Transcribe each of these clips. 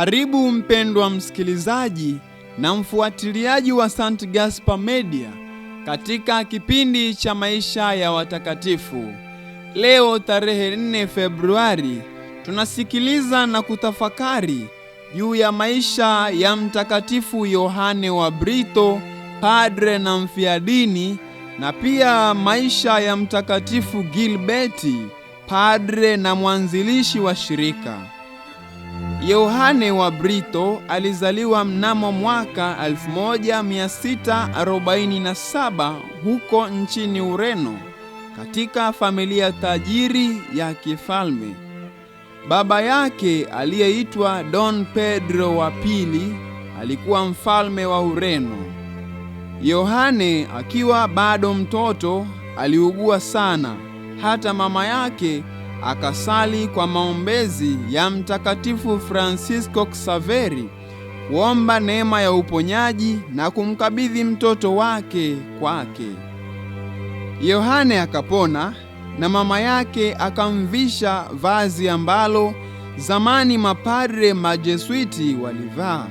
Karibu mpendwa msikilizaji na mfuatiliaji wa St. Gaspar Media katika kipindi cha maisha ya watakatifu. Leo tarehe 4 Februari tunasikiliza na kutafakari juu ya maisha ya Mtakatifu Yohane wa Brito, padre na mfiadini, na pia maisha ya Mtakatifu Gilbeti, padre na mwanzilishi wa shirika Yohane wa Brito alizaliwa mnamo mwaka 1647 huko nchini Ureno katika familia tajiri ya kifalme. Baba yake aliyeitwa Don Pedro wa pili alikuwa mfalme wa Ureno. Yohane akiwa bado mtoto aliugua sana, hata mama yake akasali kwa maombezi ya Mtakatifu Fransisko Ksaveri kuomba neema ya uponyaji na kumkabidhi mtoto wake kwake. Yohane akapona na mama yake akamvisha vazi ambalo zamani mapadre majesuiti walivaa.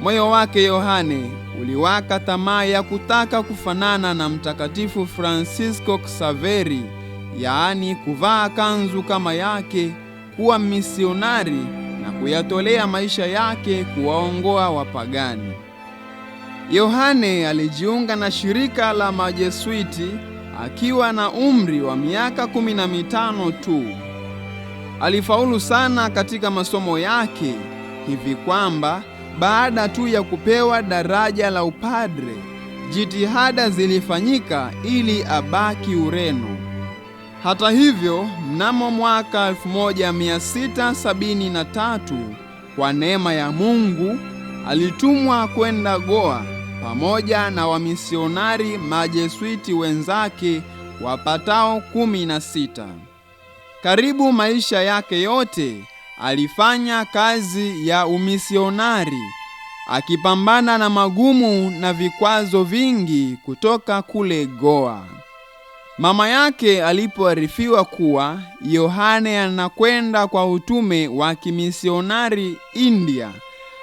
Moyo wake Yohane uliwaka tamaa ya kutaka kufanana na Mtakatifu Fransisko Ksaveri yaani kuvaa kanzu kama yake, kuwa misionari na kuyatolea maisha yake kuwaongoa wapagani. Yohane alijiunga na shirika la Majesuiti akiwa na umri wa miaka kumi na mitano tu. Alifaulu sana katika masomo yake hivi kwamba baada tu ya kupewa daraja la upadre, jitihada zilifanyika ili abaki Ureno. Hata hivyo, mnamo mwaka 1673 kwa neema ya Mungu alitumwa kwenda Goa pamoja na wamisionari majesuiti wenzake wapatao kumi na sita. Karibu maisha yake yote alifanya kazi ya umisionari akipambana na magumu na vikwazo vingi kutoka kule Goa. Mama yake alipoarifiwa kuwa Yohane anakwenda kwa utume wa kimisionari India,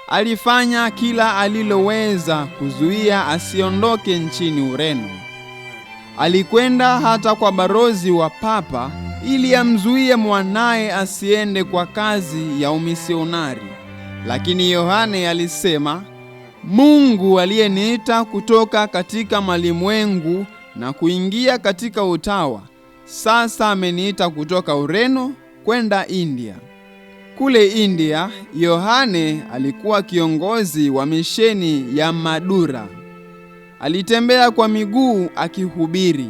alifanya kila aliloweza kuzuia asiondoke nchini Ureno. Alikwenda hata kwa barozi wa papa ili amzuie mwanaye asiende kwa kazi ya umisionari. Lakini Yohane alisema, Mungu aliyeniita kutoka katika malimwengu na kuingia katika utawa. Sasa ameniita kutoka Ureno kwenda India. Kule India, Yohane alikuwa kiongozi wa misheni ya Madura. Alitembea kwa miguu akihubiri.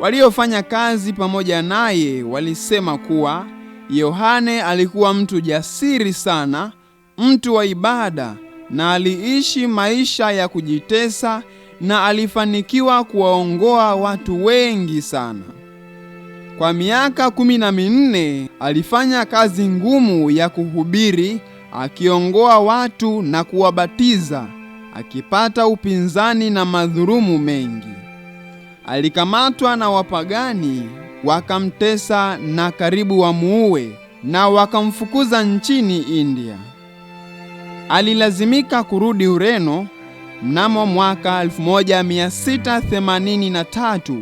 Waliofanya kazi pamoja naye walisema kuwa Yohane alikuwa mtu jasiri sana, mtu wa ibada na aliishi maisha ya kujitesa na alifanikiwa kuwaongoa watu wengi sana. Kwa miaka kumi na minne alifanya kazi ngumu ya kuhubiri, akiongoa watu na kuwabatiza, akipata upinzani na madhurumu mengi. Alikamatwa na wapagani, wakamtesa na karibu wamuue, na wakamfukuza nchini India. Alilazimika kurudi Ureno mnamo mwaka 1683,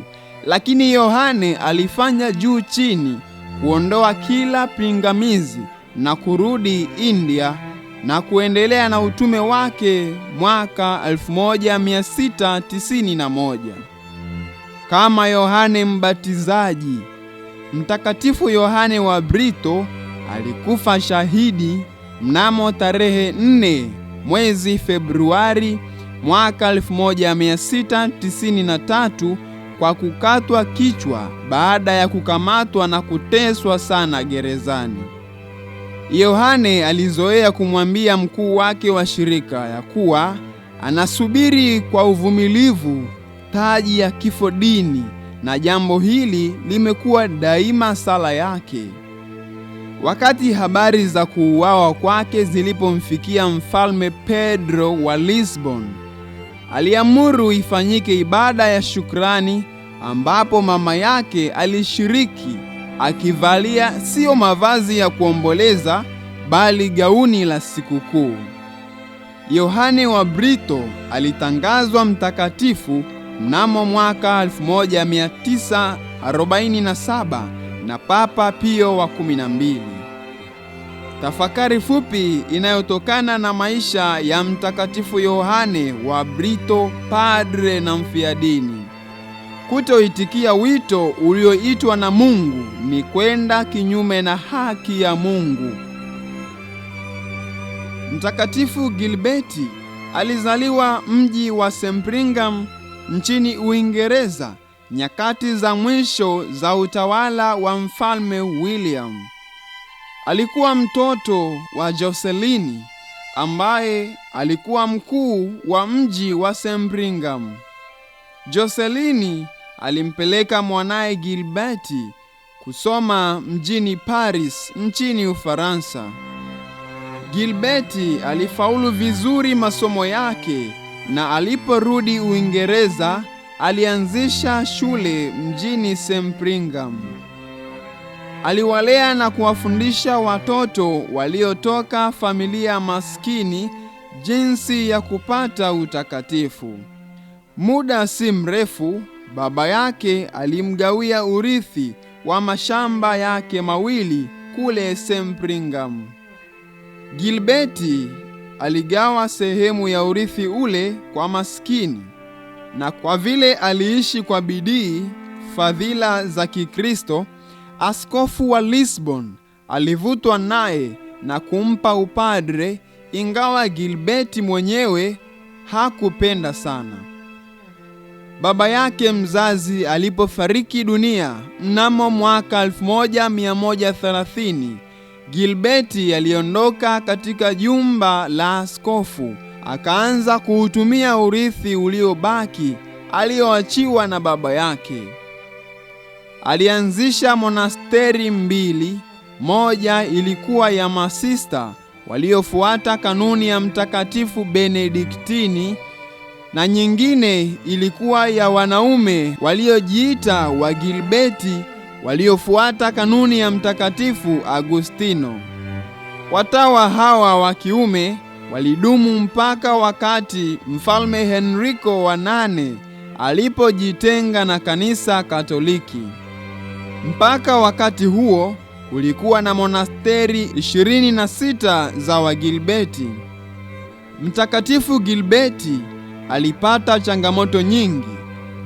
lakini Yohane alifanya juu chini kuondoa kila pingamizi na kurudi India na kuendelea na utume wake mwaka 1691. Kama Yohane Mbatizaji, Mtakatifu Yohane wa Brito alikufa shahidi mnamo tarehe 4 mwezi Februari mwaka 1693 kwa kukatwa kichwa baada ya kukamatwa na kuteswa sana gerezani. Yohane alizoea kumwambia mkuu wake wa shirika ya kuwa anasubiri kwa uvumilivu taji ya kifo dini, na jambo hili limekuwa daima sala yake. Wakati habari za kuuawa kwake zilipomfikia Mfalme Pedro wa Lisbon aliamuru ifanyike ibada ya shukrani, ambapo mama yake alishiriki akivalia sio mavazi ya kuomboleza, bali gauni la sikukuu. Yohane wa Brito alitangazwa mtakatifu mnamo mwaka 1947 na Papa Pio wa 12. Tafakari fupi inayotokana na maisha ya Mtakatifu Yohane wa Brito, padre na mfiadini. Kutoitikia wito ulioitwa na Mungu ni kwenda kinyume na haki ya Mungu. Mtakatifu Gilbeti alizaliwa mji wa Sempringham nchini Uingereza nyakati za mwisho za utawala wa Mfalme William. Alikuwa mtoto wa Joselini ambaye alikuwa mkuu wa mji wa Sembringham. Joselini alimpeleka mwanaye Gilberti kusoma mjini Paris nchini Ufaransa. Gilberti alifaulu vizuri masomo yake na aliporudi Uingereza alianzisha shule mjini Sempringham. Aliwalea na kuwafundisha watoto waliotoka familia maskini jinsi ya kupata utakatifu. Muda si mrefu, baba yake alimgawia urithi wa mashamba yake mawili kule Sempringham. Gilbeti aligawa sehemu ya urithi ule kwa maskini, na kwa vile aliishi kwa bidii fadhila za Kikristo Askofu wa Lisbon alivutwa naye na kumpa upadre, ingawa Gilbeti mwenyewe hakupenda sana. Baba yake mzazi alipofariki dunia mnamo mwaka 1130, Gilbeti aliondoka katika jumba la askofu akaanza kuutumia urithi uliobaki alioachiwa na baba yake. Alianzisha monasteri mbili, moja ilikuwa ya masista waliofuata kanuni ya Mtakatifu Benediktini na nyingine ilikuwa ya wanaume waliojiita Gilbeti waliofuata kanuni ya Mtakatifu Agustino. Watawa hawa wa kiume walidumu mpaka wakati Mfalme Henriko wa nane alipojitenga na Kanisa Katoliki. Mpaka wakati huo kulikuwa na monasteri ishirini na sita za Wagilbeti. Mtakatifu Gilbeti alipata changamoto nyingi.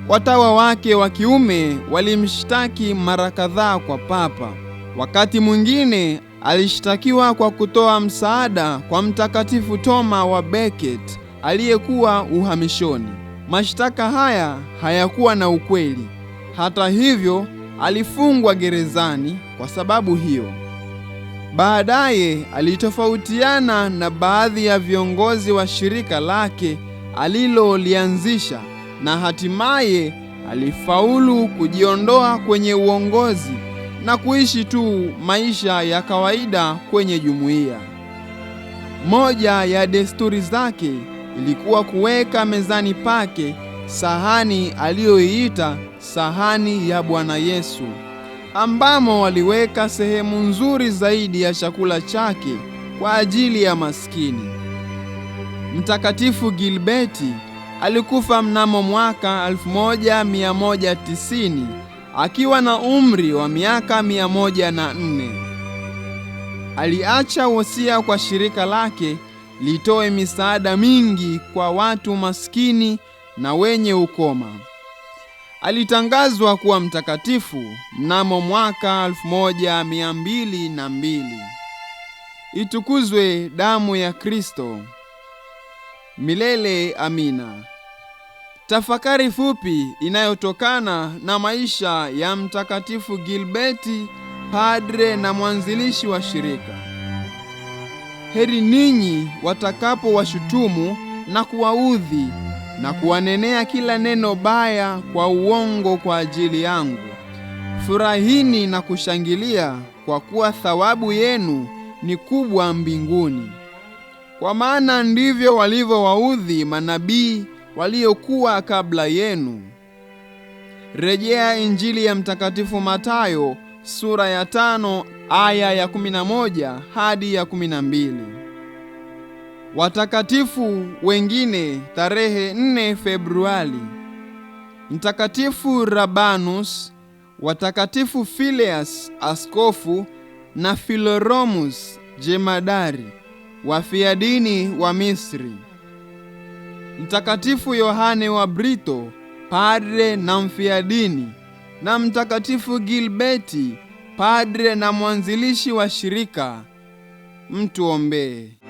Watawa wake wa kiume walimshtaki mara kadhaa kwa Papa. Wakati mwingine alishtakiwa kwa kutoa msaada kwa Mtakatifu Toma wa Becket aliyekuwa uhamishoni. Mashtaka haya hayakuwa na ukweli. Hata hivyo Alifungwa gerezani kwa sababu hiyo. Baadaye alitofautiana na baadhi ya viongozi wa shirika lake alilolianzisha na hatimaye alifaulu kujiondoa kwenye uongozi na kuishi tu maisha ya kawaida kwenye jumuiya. Moja ya desturi zake ilikuwa kuweka mezani pake sahani aliyoiita sahani ya Bwana Yesu, ambamo waliweka sehemu nzuri zaidi ya chakula chake kwa ajili ya maskini. Mtakatifu Gilbeti alikufa mnamo mwaka 1190 akiwa na umri wa miaka 104. Aliacha wosia kwa shirika lake litoe misaada mingi kwa watu maskini na wenye ukoma. Alitangazwa kuwa mtakatifu mnamo mwaka 1202. Itukuzwe damu ya Kristo! Milele amina. Tafakari fupi inayotokana na maisha ya Mtakatifu Gilbeti, padre na mwanzilishi wa shirika. Heri ninyi watakapowashutumu na kuwaudhi na kuwanenea kila neno baya kwa uongo kwa ajili yangu. Furahini na kushangilia, kwa kuwa thawabu yenu ni kubwa mbinguni, kwa maana ndivyo walivyowaudhi manabii waliokuwa kabla yenu. Rejea Injili ya Mtakatifu Matayo sura ya tano aya ya 11 hadi ya 12. Watakatifu wengine tarehe 4 Februari: Mtakatifu Rabanus, watakatifu Fileas askofu na Filoromus jemadari wafiadini wa Misri, Mtakatifu Yohane wa Brito padre na mfiadini, na Mtakatifu Gilbeti padre na mwanzilishi wa shirika. Mtuombee.